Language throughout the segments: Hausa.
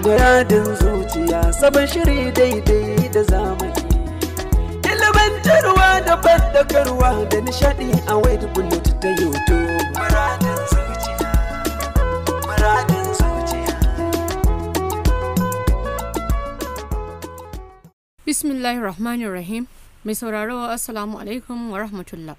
Muradin zuciya sabon shiri daidai da zamani. Ilimantarwa da bandakarwa da nishadi a wayar bullet ta YouTube. Muradin zuciya, muradin zuciya. Bismillahirrahmanirrahim. Mai sauraro asalamu alaikum wa rahmatullah.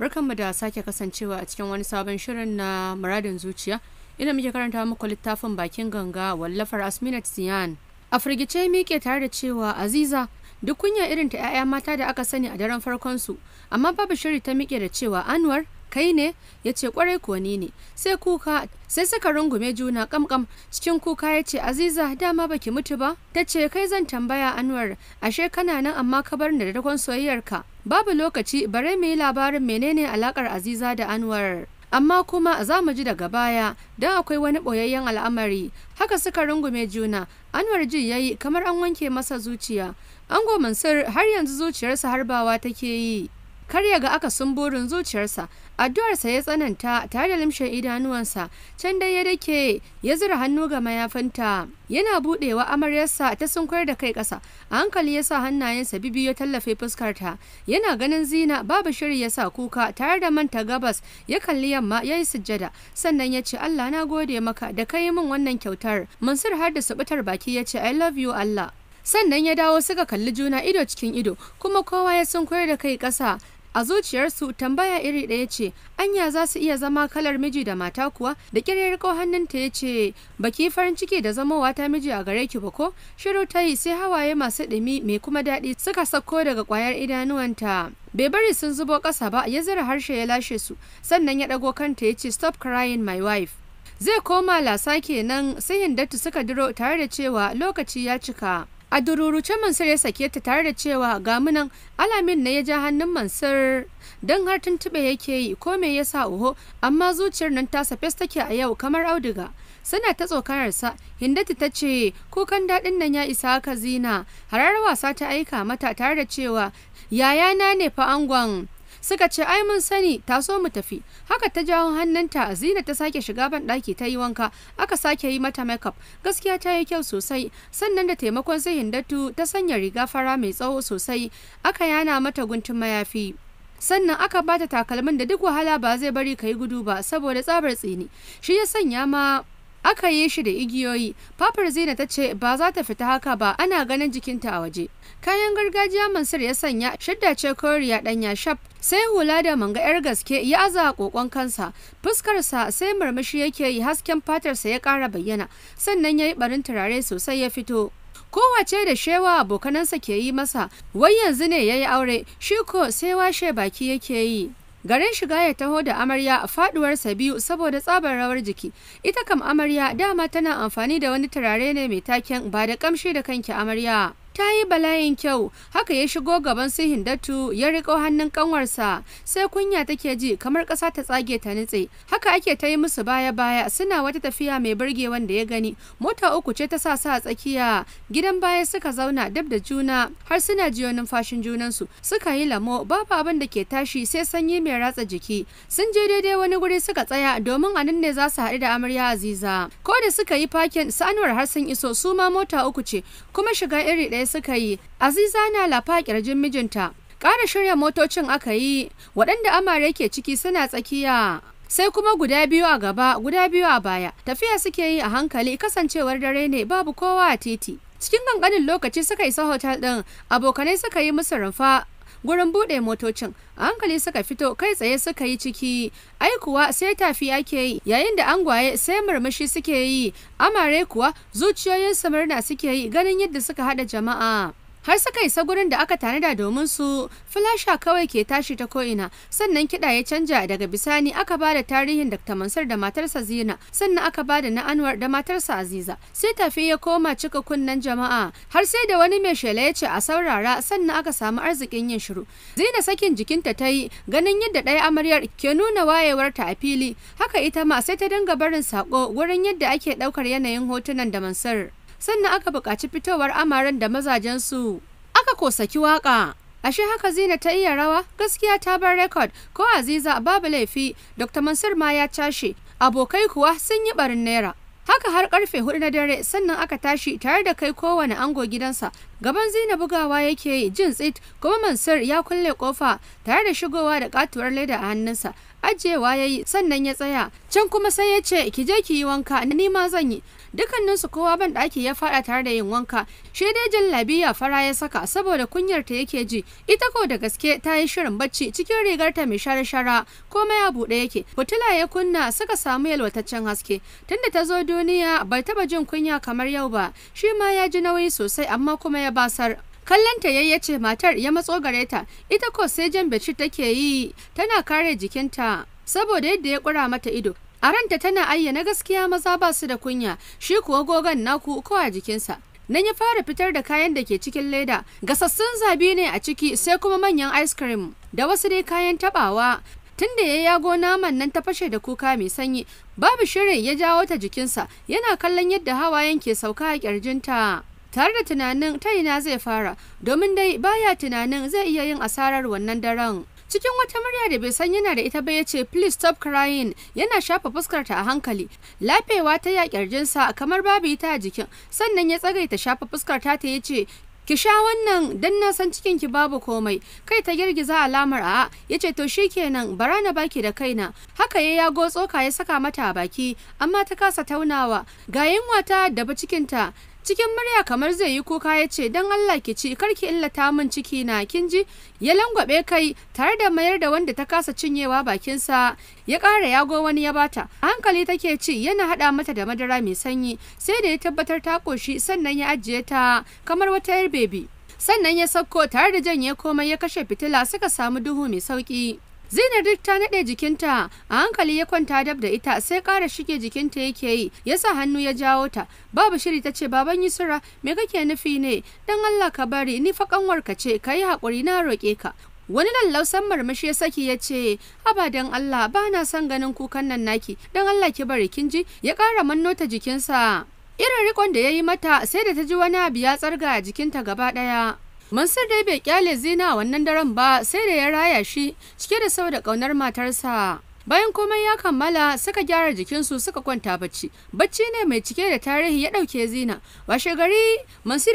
Barkanmu da sake kasancewa a cikin wani sabon shirin na muradin zuciya. ina muke karanta muku littafin bakin ganga wallafar Asminat Siyan. A firgice miƙe tare da cewa Aziza duk kunya irin ta 'ya'ya mata da aka sani a daren farkon su amma babu shiri ta miƙe da cewa Anwar kai ne ya ce kwarai kuwa ni ne sai kuka sai suka rungume juna kamkam cikin kuka ya ce aziza dama baki mutu ba ta ce kai zan tambaya anwar ashe kana nan amma ka bar ni da dakon soyayyar ka babu lokaci bare mu yi labarin menene alakar aziza da anwar amma kuma za mu ji daga baya don akwai wani ɓoyayyen al'amari haka suka rungume juna anwar ji yayi kamar an wanke masa zuciya ango mansur har yanzu zuciyarsa harbawa take yi kar ya ga sun burin zuciyarsa addu'arsa ya tsananta tare da limshin idanuwansa can dai ya dake ya zura hannu ga mayafinta yana budewa amaryarsa ta sunkwar da kai ƙasa a hankali ya sa hannayensa bibiyo tallafe fuskarta yana ganin zina babu shiri ya sa kuka tare da manta gabas ya kalli yamma ya yi sujjada sannan ya ce allah na gode maka da ka yi min wannan kyautar mansur har da su subutar baki ya ce i love you allah sannan ya dawo suka kalli juna ido cikin ido kuma kowa ya sun koyar da kai ƙasa a zuciyarsu tambaya iri ɗaya ce anya za su iya zama kalar miji da mata kuwa da kirar ko hannunta ya ce baki farin ciki da zamowa ta miji a gare ki ba ko shiru ta yi sai hawaye masu ɗumi mai kuma daɗi suka sako daga ƙwayar idanuwanta bai bari sun zubo ƙasa ba ya zira harshe ya lashe su sannan ya ɗago kanta ya ce stop crying my wife zai koma lasa kenan sai hindatu suka diro tare da cewa lokaci ya cika a dururuce mansur ya sake ta tare da cewa gamunan alamin na ya ja hannun mansur don har tuntuɓe yake yi ko me yasa oho amma zuciyar nan tasa fes take a yau kamar auduga suna ta tsokanarsa hindati ta ce kukan daɗin nan ya isa haka zina harar wasa ta aika mata tare da cewa yayana ne fa angon suka ce ai mun sani ta so mu tafi haka ta jawo hannunta zina ta sake shiga ban daki ta yi wanka aka sake yi mata makeup gaskiya ta yi kyau sosai sannan da taimakon sai hindatu ta sanya riga fara mai tsawo sosai aka yana mata guntun mayafi sannan aka bata takalmin da duk wahala ba zai bari ka yi gudu ba saboda tsabar tsini shi ya sanya ma aka yi shi da igiyoyi papar zina ta ce ba za ta fita haka ba ana ganin jikinta a waje kayan gargajiya mansur ya sanya shadda ce koriya ɗanya shaf sai hula da manga yar gaske ya aza kokon kansa fuskarsa sai murmushi yake yi hasken fatarsa ya kara bayyana sannan ya yi barin turare sosai ya fito kowace da shewa abokanansa ke yi masa wai yanzu ne ya yi aure shi ko sai washe baki yake yi garin shiga ya taho da amarya a faduwarsa biyu saboda tsabar rawar jiki ita kam amarya dama tana amfani da wani turare ne mai taken ba da kamshi da kanki amarya ta yi bala'in kyau haka ya shigo gaban su hindatu ya riko hannun kanwarsa sai kunya take ji kamar ƙasa ta tsage ta nitse haka ake ta yi musu baya baya suna wata tafiya mai burge wanda ya gani mota uku ce ta sa sa tsakiya gidan baya suka zauna dab da juna har suna jiyo numfashin junansu suka yi lamo babu abin da ke tashi sai sanyi mai ratsa jiki sun je daidai wani guri suka tsaya domin a nan ne za su haɗu da amarya aziza ko da suka yi fakin sanuwar har sun iso su ma mota uku ce kuma shiga iri ɗaya iyaye suka yi aziza na lafa kirjin mijinta ƙara shirya motocin aka yi waɗanda amare ke ciki suna tsakiya sai kuma guda biyu a gaba guda biyu a baya tafiya suke yi a hankali kasancewar dare ne babu kowa a titi cikin ƙanƙanin lokaci suka isa hotel ɗin abokanai suka yi musu rumfa gurin bude motocin a hankali suka fito kai tsaye suka yi ciki ai kuwa sai tafi ake yi yayin da angwaye sai murmushi suke yi amare kuwa zuciyoyin murna suke yi ganin yadda suka haɗa jama'a har suka isa gurin da aka tanada domin su flasha kawai ke tashi ta ko'ina sannan kiɗa ya canja daga bisani aka ba da tarihin dr mansur da matarsa zina sannan aka ba da na anwar da matarsa aziza sai tafi ya koma cika kunnen jama'a har sai da wani mai shela ya ce a saurara sannan aka samu arzikin yin shiru zina sakin jikinta ta yi ganin yadda ɗaya amaryar ke nuna wayewarta a fili haka ita ma sai ta dinga barin sako wurin yadda ake ɗaukar yanayin hotunan da mansur sannan aka buƙaci fitowar amaren da mazajen su aka kosaki ki waƙa ashe haka zina ta iya rawa gaskiya ta bar rekod ko aziza babu laifi dr mansur ma ya cashe abokai kuwa sun yi barin naira haka har karfe hudu na dare sannan aka tashi tare da kai kowane ango gidansa gaban zina bugawa yake yi jin tsit kuma mansur ya kulle kofa tare da shigowa da katuwar leda a hannunsa ajiyewa ya yi sannan ya tsaya can kuma sai ya ce ki je ki yi wanka ni ma zan yi dukkaninsu kowa ban ɗaki ya faɗa tare da yin wanka shi dai jallabiya fara ya saka saboda kunyar ta yake ji ita ko da gaske ta yi shirin bacci cikin rigarta mai share shara komai a buɗe yake fitila ya kunna suka samu yalwataccen haske tunda ta zo duniya bai taba jin kunya kamar yau ba shi ma ya ji nauyi sosai amma kuma ya basar kallonta ta yayya ce matar ya matso gare ta ita ko sai jan bacci take yi tana kare jikinta saboda yadda ya kura mata ido a ranta tana ayyana gaskiya maza ba su da kunya shi kuwa gogon naku ko a jikinsa nan ya fara fitar da kayan da ke cikin leda gasassun zabi ne a ciki sai kuma manyan ice cream da wasu dai kayan tabawa tunda ya yago naman nan ta fashe da kuka mai sanyi babu shirin ya jawo ta jikinsa yana kallon yadda hawa yanke sauka a kirjinta tare da tunanin ta ina zai fara domin dai baya tunanin zai iya yin asarar wannan daren Cikin wata murya da bai san yana da ita ba ya ce, Please stop crying, yana shafa fuskarta a hankali. Lafewa ta ya kirjinsa kamar babu ita a jikin, sannan ya ta shafa fuskar ta ya ce, ki sha wannan dan na san cikin ki babu komai kai ta girgiza alamar a yace to shikenan bara na baki da kaina haka ya ya tsoka ya saka mata a baki amma ta kasa taunawa ga yunwa ta daba cikinta cikin murya kamar zai yi kuka ya ce don Allah ki ci karki illata min ciki na kin ji ya langwabe kai tare da mayar da wanda ta kasa cinyewa bakinsa ya ƙara yago wani ya bata a hankali take ci yana haɗa mata da madara mai sanyi sai da ya tabbatar ta koshi sannan ya ajiye ta kamar wata yar bebi sannan ya sauko tare da janye komai ya kashe fitila suka samu duhu mai sauƙi Zainab duk ta naɗe jikinta a hankali ya kwanta dab da ita sai ƙara shige jikinta yake yi yasa hannu ya jawo ta babu shiri ta ce baban Yusra me kake nufi ne dan Allah ka bari ni fa kanwarka ce ka yi na roke ka wani lallausan marmashi ya saki ya ce haba dan Allah ba na son ganin kukan nan naki dan Allah ki bari kin ji ya ƙara manno ta jikinsa irin rikon da ya yi mata sai da ta ji wani abu ya tsarga a jikinta gaba ɗaya Mansur dai bai kyale zina wannan daren ba sai da ya raya shi cike da sau da ƙaunar matarsa. Bayan komai ya kammala suka gyara jikinsu suka kwanta bacci. Bacci ne mai cike da tarihi ya ɗauke zina. Washe gari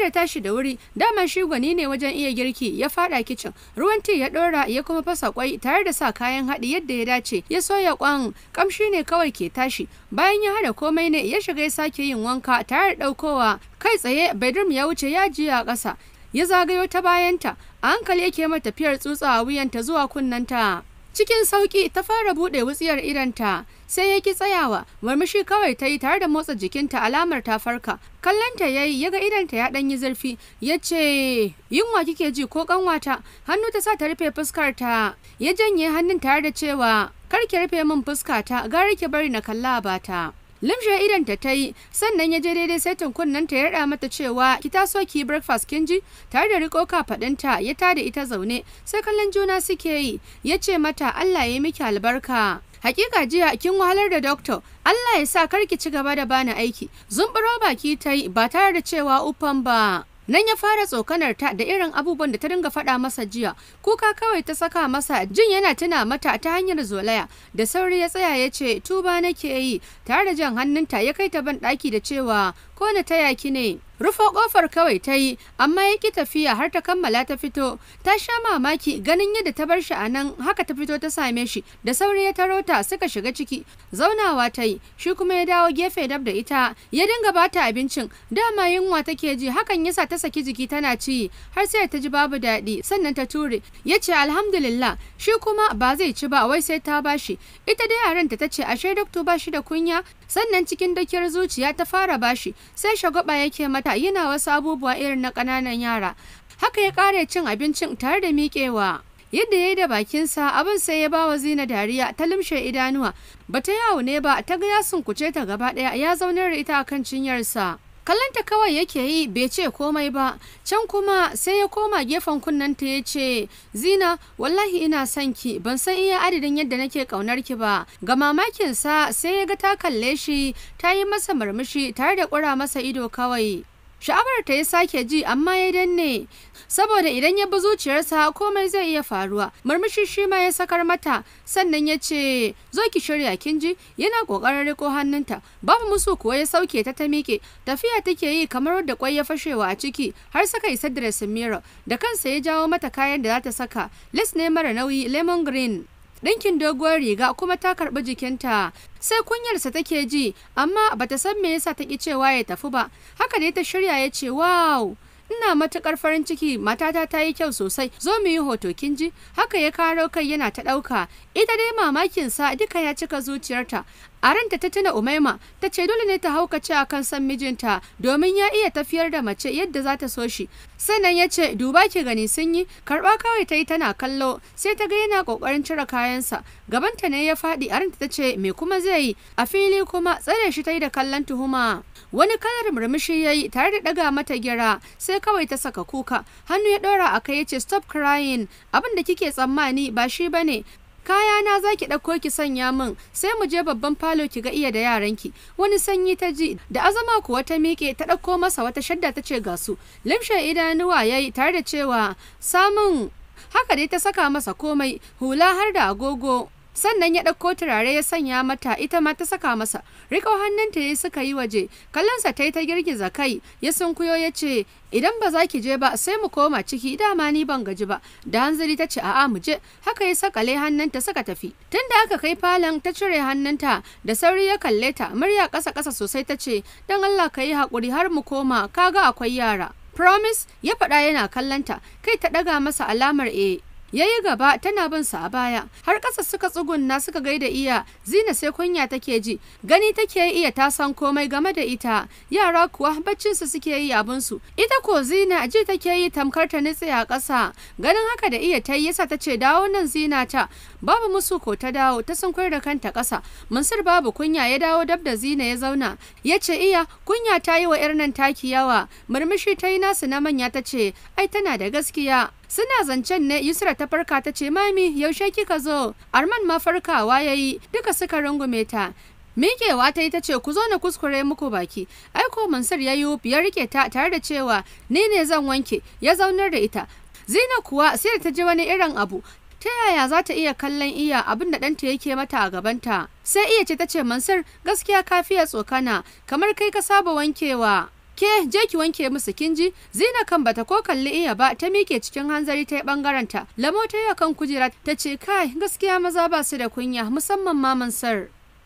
da tashi da wuri dama shi gwani ne wajen iya girki ya fada kicin. Ruwan ti ya ɗora ya kuma fasa kwai tare da sa kayan haɗi yadda ya dace ya soya kwan kamshi ne kawai ke tashi. Bayan ya haɗa komai ne ya shiga ya sake yin wanka tare da ɗaukowa kai tsaye bedroom ya wuce ya jiya ƙasa ya zagayo ta bayanta a hankali yake mata tafiyar tsutsa a wuyanta zuwa kunnanta cikin sauki ta fara buɗe wutsiyar idanta sai ya ki tsayawa murmushi kawai ta yi tare da motsa jikinta alamar ta farka kallonta yayi yi ya ga idanta ya ɗanyi zurfi ya ce yunwa kike ji ko ƙanwata hannu ta sa ta rufe fuskarta ya janye hannun tare da cewa kar ki rufe min fuskata gara ki bari na kalla bata limshe idan ta ta yi sannan ya je daidai saitin kunnen ta yarda mata cewa ki ta so ki breakfast kin ji tare da riko kafaɗinta ya ta da ita zaune sai kallon juna suke yi ya ce mata Allah ya yi miki albarka hakika jiya kin wahalar da doctor Allah ya sa karki ci gaba da bani aiki zumburo baki ta yi ba tare da cewa ufan ba Nan ya fara tsokanar ta da irin abubuwan da ta dinga faɗa masa jiya, kuka kawai ta saka masa jin yana tuna mata ta hanyar zolaya da sauri ya tsaya ya ce tuba nake yi tare da jan hannunta ya kai ta ban ɗaki da cewa ko na taya ki ne rufo kofar kawai ta yi amma ya ki tafiya har ta kammala ta fito ta sha mamaki ganin yadda ta bar shi a nan haka ta fito ta same shi da sauri ya taro ta suka shiga ciki zaunawa ta yi shi kuma ya dawo gefe dab da ita ya dinga bata abincin dama yunwa take ji hakan yasa ta saki jiki tana ci har sai ta ji babu daɗi sannan ta ture ya ce alhamdulillah shi kuma ba zai ci ba wai sai ta bashi ita dai a ta ce ashe dokto ba shi da kunya sannan cikin dakiyar zuciya ta fara bashi sai shagwaba yake mata yana wasu abubuwa irin na ƙananan yara haka ya kare cin abincin tare da miƙewa yadda ya yi da bakinsa abin sai ya ba wa zina dariya ta lumshe idanuwa ba ta yawo ne ba ta ga ya sunkuce ta gaba ɗaya ya zaunar da ita akan cinyarsa kallanta kawai yake yi bai ce komai ba can kuma sai ya koma gefen kunnanta ya ce zina wallahi ina son ki ban san iya adadin yadda nake kaunar ki ba ga mamakinsa sai ya ga ta kalle shi ta yi masa murmushi tare da ƙura masa ido kawai Sha'awar ta ya sake ji amma ya danne saboda idan ya bi zuciyarsa komai zai iya faruwa. Murmushi shi ma ya sakar mata sannan ya ce zo ki shirya kin ji yana kokarin riko hannunta babu musu kuwa ya sauke ta ta miƙe tafiya take yi kamar wadda kwai ya fashewa a ciki har saka isa dressing mirror da kansa ya jawo mata kayan da za ta saka lis ne mara nauyi lemon green ɗinkin doguwar riga kuma ta karɓi jikinta sai kunyarsa take ji amma bata san me yasa ta ki cewa ya tafi ba haka ne ta shirya ya ce wow ina matukar farin ciki matata ta yi kyau sosai zo mu yi hoto kin ji haka ya karo kai yana ta ɗauka ita dai mamakin sa duka ya cika zuciyarta a ranta ta tuna umaima ta ce dole ne ta haukace a kan san mijinta domin ya iya tafiyar da mace yadda za ta so shi sannan ya ce duba ki gani sun yi karɓa kawai ta yi tana kallo sai ta ga yana ƙoƙarin cire kayansa gabanta ne ya faɗi a ranta ta ce me kuma zai yi a fili kuma tsare shi ta yi da kallon tuhuma wani kalar murmushi ya yi tare da ɗaga mata gira sai kawai ta saka kuka hannu ya ɗora a kai ya ce stop crying abin da kike tsammani ba shi ba ne kaya na za ki ɗauko ki sanya min sai mu je babban falo ki ga iya da yaranki wani sanyi ta ji da azama kuwa ta miƙe ta ɗauko masa wata shadda ta ce ga su limshe idanuwa ya yi tare da cewa samun haka dai ta saka masa komai hula har da agogo sannan ya ɗauko turare ya sanya mata ita ma ta saka masa riƙo hannunta ya suka yi waje kallonsa ta yi ta girgiza kai ya sunkuyo ya ce idan ba za ki je ba sai mu koma ciki dama ni ban gaji ba da hanzari ta ce a'a mu je haka ya sakale hannunta suka tafi tun da aka kai falon ta cire hannunta da sauri ya kalle ta murya ƙasa ƙasa sosai ta ce dan Allah ka yi haƙuri har mu koma kaga akwai yara promise ya faɗa yana kallonta kai ta ɗaga masa alamar e ya yi gaba tana bin sa a baya har ƙasa suka tsugunna suka gaida iya zina sai kunya take ji gani take iya ta san komai game da ita yara kuwa baccin su suke yi abin su ita ko zina ji take yi tamkar ta nitse a ƙasa ganin haka da iya ta yasa ta ce dawo nan zina ta babu musu ko ta dawo ta sun da kanta ƙasa mansur babu kunya ya dawo dab da zina ya zauna ya ce iya kunya ta yi wa 'yar nan taki yawa murmushi ta yi nasu na manya ta ce ai tana da gaskiya Suna zancen ne Yusra ta farka ta ce mami yaushe kika zo? Arman ma farkawa yayi duka suka rungume ta. Mikewa ta yi ta ce ku zo na kuskure muku baki. Aiko Mansur ya yi ya rike ta tare da cewa ni ne zan wanke ya zaunar da ita. Zina kuwa sai ta ji wani irin abu ta yaya za ta iya kallon iya abin da ɗanta yake mata a gabanta sai iya ce ta ce mansur gaskiya kafiya tsokana kamar kai ka saba wankewa ke je ki wanke musu kinji zina kan bata ko kalli iya ba ta mike cikin hanzari ta bangaren ta lamo ta yi kan kujera ta ce kai gaskiya maza ba su da kunya musamman maman sar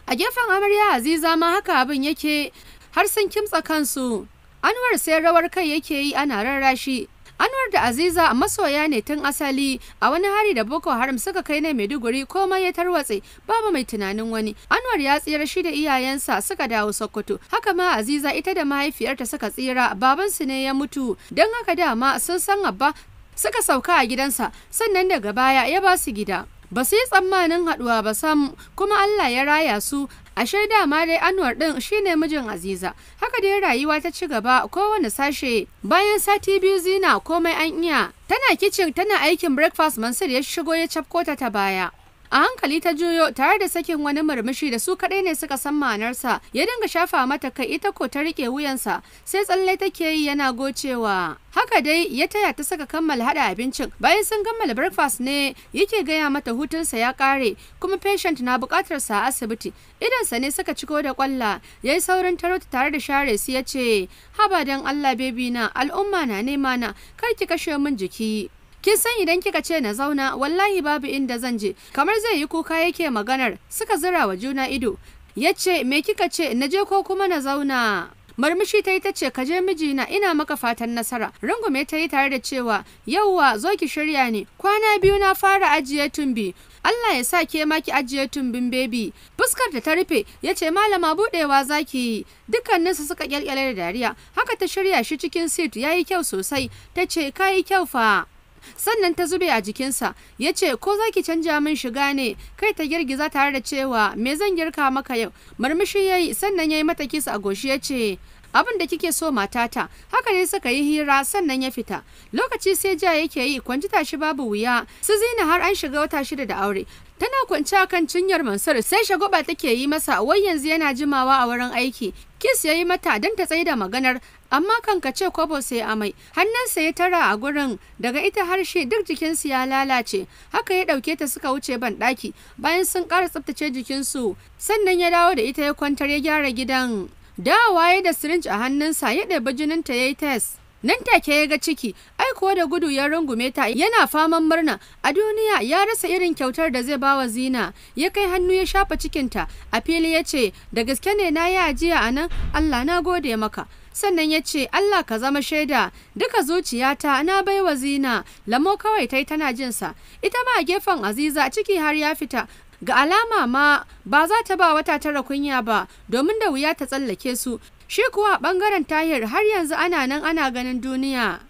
a gefen amarya aziza ma haka abin yake har sun kimtsa kansu anwar sai rawar kai yake yi ana rarrashi Anwar da Aziza masoya ne tun asali a wani hari da Boko Haram suka kai na Maiduguri komai ya tarwatse babu mai tunanin wani. Anwar ya tsira shi da iyayensa suka dawo Sokoto. Haka ma Aziza ita da mahaifiyarta suka tsira babansu ne ya mutu. dan haka dama sun san abba suka sauka a gidansa sannan daga baya ya ba su gida. ba su yi tsammanin haduwa ba sam kuma Allah ya raya su a shaida ma dai Anwar din shine mijin Aziza haka dai rayuwa ta ci gaba kowane sashe bayan sati biyu zina komai an iya tana kicin tana aikin breakfast Mansur ya shigo ya cafko ta baya a hankali ta juyo tare da sakin wani murmushi da su kaɗai ne suka san ma'anarsa ya dinga shafa mata kai ita ko ta riƙe wuyansa sai tsalle take yi yana gocewa haka dai ya taya ta saka kammala hada abincin bayan sun kammala breakfast ne yake gaya mata hutunsa ya kare kuma patient na bukatar sa a asibiti idansa ne suka ciko da kwalla yayi saurin tarot tare da share su yace haba dan Allah baby na al'umma na nema na kar ki kashe mun jiki kin san idan kika ce na zauna wallahi babu inda zan je kamar zai yi kuka yake maganar suka zira wa juna ido ya ce me kika ce na je ko kuma na zauna marmishi ta yi ta ce ka je mijina ina maka fatan nasara rungume ta yi tare da cewa yauwa zo ki shirya ne kwana biyu na fara ajiye tumbi Allah ya sa ke ma ki ajiye tumbin bebi fuskar da ta rufe ya ce malama budewa za ki yi dukkaninsu suka kyalkyale da dariya haka ta shirya shi cikin sit ya yi kyau sosai ta ce ka yi kyau fa sannan ta zube a jikinsa ya ce ko za ki canja min shiga ne kai ta girgiza tare da cewa me zan girka maka yau murmushi ya yi sannan ya yi mata kisa a goshi ya ce abin da kike so matata haka ne suka yi hira sannan ya fita lokaci sai ja yake yi kwanji tashi babu wuya su zina har an shiga wata shida da aure tana kwance a kan cinyar Mansur sai shagoba take yi masa wai yanzu yana jimawa a wurin aiki. Kis ya yi mata don ta tsaye da maganar amma kanka ce kwabo sai amai hannunsa ya tara a gurin daga ita harshe duk jikinsu ya lalace haka ya ɗauke ta suka wuce ban ɗaki bayan sun kara tsaftace jikinsu sannan ya dawo da ita ya kwantar ya gyara gidan dawowa ya da sirinci a hannunsa ya ɗebi jininta ya yi test nan take ya ga ciki ai kuwa da gudu ya rungume ta yana faman murna a duniya ya rasa irin kyautar da zai bawa zina ya kai hannu ya shafa cikinta a fili ya ce da gaske ne na yi ajiya a nan allah na gode maka sannan ya ce Allah ka zama shaida duka zuciyata na bai wa zina lamo kawai ta yi tana jinsa ita ma gefen aziza ciki har ya fita ga alama ma ba za ta ba wata tara kunya ba domin da wuya ta tsallake su Shi kuwa ɓangaren tahir har yanzu ana nan ana ganin duniya.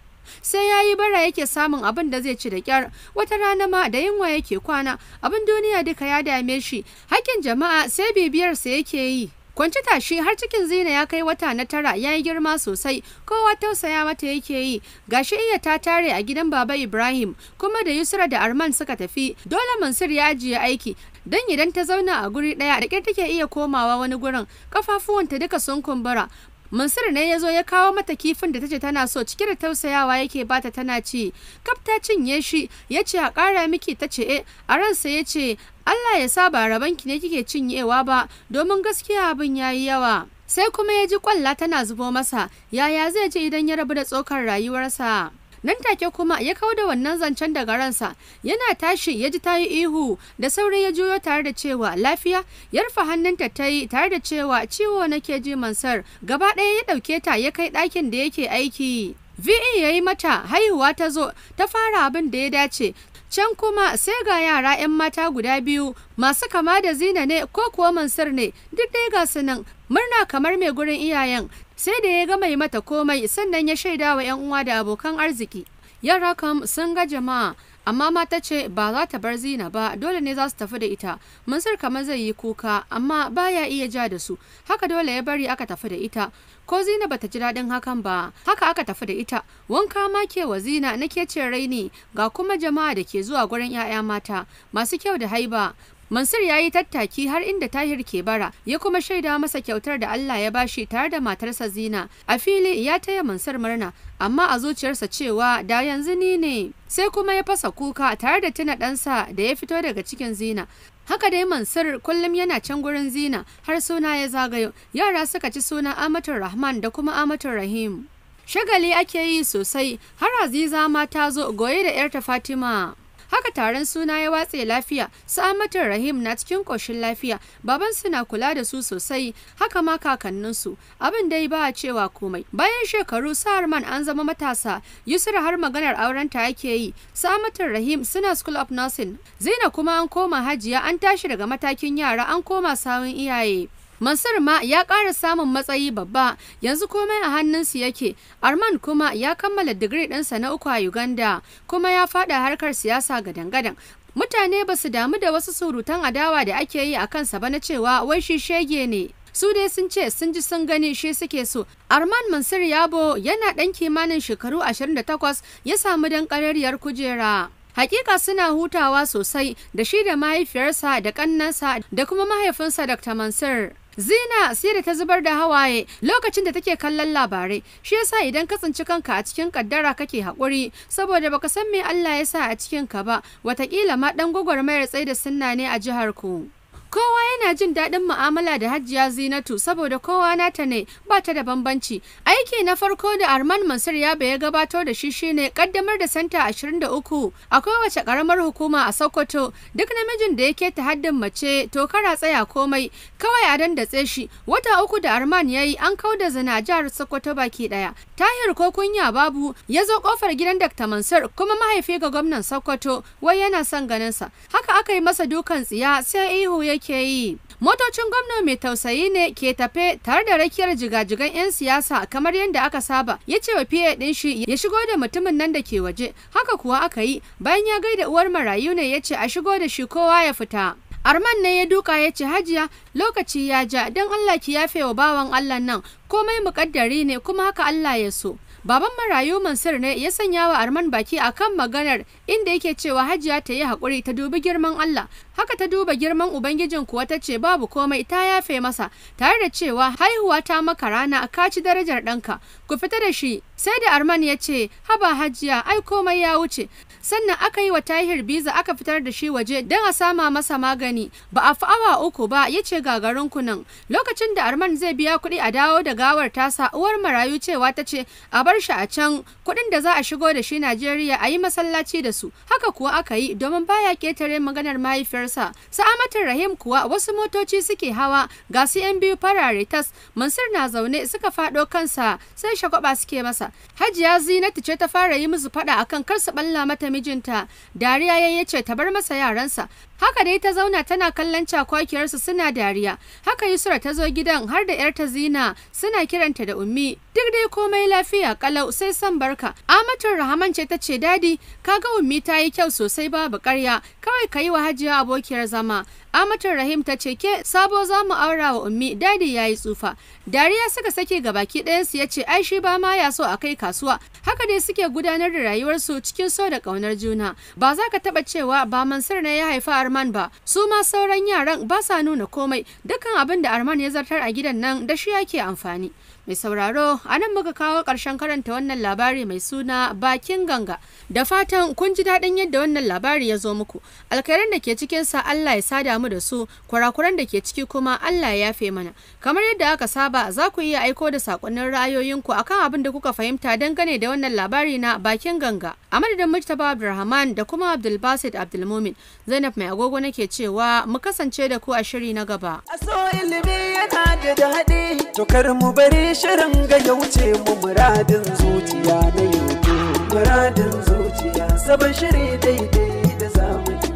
sai ya yi bara yake samun abin da zai ci da kyar wata rana ma da yunwa yake kwana abin duniya duka ya dame shi hakkin jama'a sai bibiyarsa yake yi kwanci tashi har cikin zina ya kai wata na tara ya yi girma sosai kowa tausaya mata yake yi gashi iya ta tare a gidan baba ibrahim kuma da yusra da arman suka tafi dole mansur ya ajiye aiki don idan ta zauna a guri ɗaya da take iya komawa wani gurin kafafuwanta duka sun kumbura Mansur ne ya zo ya kawo mata kifin da tace tana so cike da tausayawa yake bata tana ci. Kaf ta cinye shi ya ce a ƙara miki ta ce eh, a ransa ya ce Allah ya sa ba rabanki ne kike cinyewa ba domin gaskiya abin ya yi yawa. Sai kuma ya ji kwalla tana zubo masa yaya zai ji idan ya rabu da tsokar rayuwarsa. nan take kuma ya kau da wannan zancen daga ransa yana tashi ya ji ta yi ihu da sauri ya juyo tare da cewa lafiya ya rufe hannunta ta yi tare da cewa ciwo nake ji mansar gaba ɗaya ya ɗauke ta ya kai ɗakin da yake aiki VE ya yi mata haihuwa ta zo ta fara abin da ya dace can kuma sai ga yara 'yan mata guda biyu masu kama da zina ne ko kuwa mansur ne duk dai ga su nan murna kamar mai gurin iyayen sai da ya ga mai mata komai sannan ya shaida wa 'yan uwa da abokan arziki yara kam sun ga jama'a amma mata ce ba za ta bar zina ba dole ne za su tafi da ita mansur kamar zai yi kuka amma baya iya ja da su haka dole ya bari aka tafi da ita ko zina bata ji daɗin hakan ba haka aka tafi da ita wanka ma ke wa zina na kece raini ga kuma jama'a da ke zuwa gurin 'ya'ya mata masu kyau da haiba Mansur ya yi tattaki har inda Tahir ke bara ya kuma shaida masa kyautar da Allah ya bashi tare da matarsa Zina. A fili ya taya Mansur murna amma a zuciyarsa cewa da yanzu ni ne. Sai kuma ya fasa kuka tare da tuna ɗansa da ya fito daga cikin Zina. Haka dai Mansur kullum yana can gurin Zina har suna ya zagayo. Yara suka ci suna Amatul Rahman da kuma Amatul Rahim. Shagali ake yi sosai har Aziza ma ta zo goye da 'yarta Fatima. haka taron suna ya watse lafiya su amatin rahim na cikin koshin lafiya baban suna kula da su sosai haka ma kakanninsu abin dai ba a cewa komai bayan shekaru saharman an zama matasa yusra har maganar aurenta yake yi su amatin rahim suna school of nursing zaina kuma an koma hajiya an tashi daga matakin yara an koma sawun iyaye Mansur ma ya ƙara samun matsayi babba yanzu komai a hannunsu yake. Arman kuma ya kammala digiri ɗinsa na uku a Uganda kuma ya faɗa harkar siyasa ga dangadan. Mutane ba su damu da wasu surutan adawa da ake yi a kansa ba na cewa wai shi shege ne. su dai sun ce sun ji sun gani shi suke so arman mansur yabo yana ɗan kimanin shekaru 28 ya samu dan ƙarariyar kujera Hakika suna hutawa sosai da shi da mahaifiyarsa da ƙannansa da kuma mahaifinsa Dr. Mansur. Zina sai da ta zubar da hawaye lokacin da take kallon labarai. Shi yasa idan ka tsinci kanka a cikin kaddara kake haƙuri saboda baka san me Allah ya sa a cikin ka ba. Wataƙila ma dan gwagwarmayar da sunna ne a jihar ku. Kowa yana jin daɗin mu'amala da Hajiya Zinatu saboda kowa nata ne ba ta da bambanci. Aiki na farko da Arman Mansur ya ya gabato da shi shine kaddamar da santa 23 a kowace karamar hukuma a Sokoto. Duk namijin da yake ta haddin mace to kara tsaya komai kawai a dandatse shi. Wata uku da Arman ya yi an da zina jihar Sokoto baki ɗaya. Tahir ko kunya babu ya zo ƙofar gidan Dr. Mansur kuma mahaifi ga gwamnan Sokoto wai yana son ganinsa. Haka aka yi masa dukan tsiya sai ihu ya ke yi. Motocin gwamna mai tausayi ne ke tafe tare da rakiyar jigajigan 'yan siyasa kamar yadda aka saba ya ce wa fiye ɗin shi ya shigo da mutumin nan da ke waje haka kuwa aka yi bayan ya gaida uwar marayu ne ya ce a shigo da shi kowa ya fita. Arman ne ya duka ya ce hajiya lokaci ya ja don Allah ki yafe wa bawan Allah nan komai mukaddari ne kuma haka Allah ya so. Baban marayu Mansur ne ya sanya wa Arman baki akan maganar inda yake cewa hajiya ta yi haƙuri ta dubi girman Allah haka ta duba girman ubangijin kuwa ta ce babu komai ta yafe masa tare da cewa haihuwa ta maka rana ka ci darajar ɗanka ku fita da shi sai da arman ya ce haba hajiya ai komai ya wuce sannan aka yi wa tahir biza aka fitar da shi waje don a sama masa magani ba a fi awa uku ba ya ce gagarin kunan lokacin da arman zai biya kuɗi a dawo da gawar tasa uwar marayu cewa ta ce a bar shi a can kuɗin da za a shigo da shi najeriya a yi masallaci da su haka kuwa aka yi domin baya ketare maganar mahaifiyar matarsa sa'amatar rahim kuwa wasu motoci suke hawa ga su yan biyu farare tas mansur na zaune suka fado kansa sai shagwaba suke masa hajiya zinatu ce ta fara yi musu faɗa akan kar su balla mata mijinta dariya yayi ce ta bar masa yaransa haka dai ta zauna tana kallon cakwakiyarsu suna dariya haka yusra ta zo gidan har da 'yarta zina suna kiranta da ummi duk dai komai lafiya kalau sai san barka amatar rahaman ce ta ce dadi kaga ummi ta yi kyau sosai babu karya kawai ka yi wa hajiya abokiyar zama amatar rahim ta ce ke sabo za mu aura wa ummi dadi ya yi tsufa dariya suka sake ga baki ɗayansu ya ce ai shi ba ma ya so a kai kasuwa haka dai suke gudanar da rayuwarsu cikin so da ƙaunar juna ba za ka taɓa cewa ba mansur ne ya haifa arman ba su ma sauran yaran ba sa nuna komai dukkan abin da arman ya zartar a gidan nan da shi yake amfani Mai sauraro, a nan muka kawo ƙarshen karanta wannan labari mai suna bakin ganga. Da fatan kun ji daɗin yadda wannan labari ya zo muku. Alkairan da ke cikinsa Allah ya sada mu da su, kurakuran da ke ciki kuma Allah ya yafe mana. Kamar yadda aka saba, za ku iya aiko da saƙonnin ra'ayoyinku akan abin da kuka fahimta dangane da wannan labari na bakin ganga. A madadin Mujtaba Abdulrahman da kuma Abdulbasit Abdulmumin, Zainab mai agogo nake cewa mu kasance da ku a shiri na gaba. A ilimi yana da daɗi, shirin ga yauce wuce mu muradin zuciya na yanzu muradin zuciya sabon shiri daidai da zamani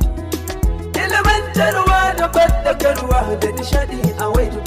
ilimantarwa da fadakarwa da nishadi a waidu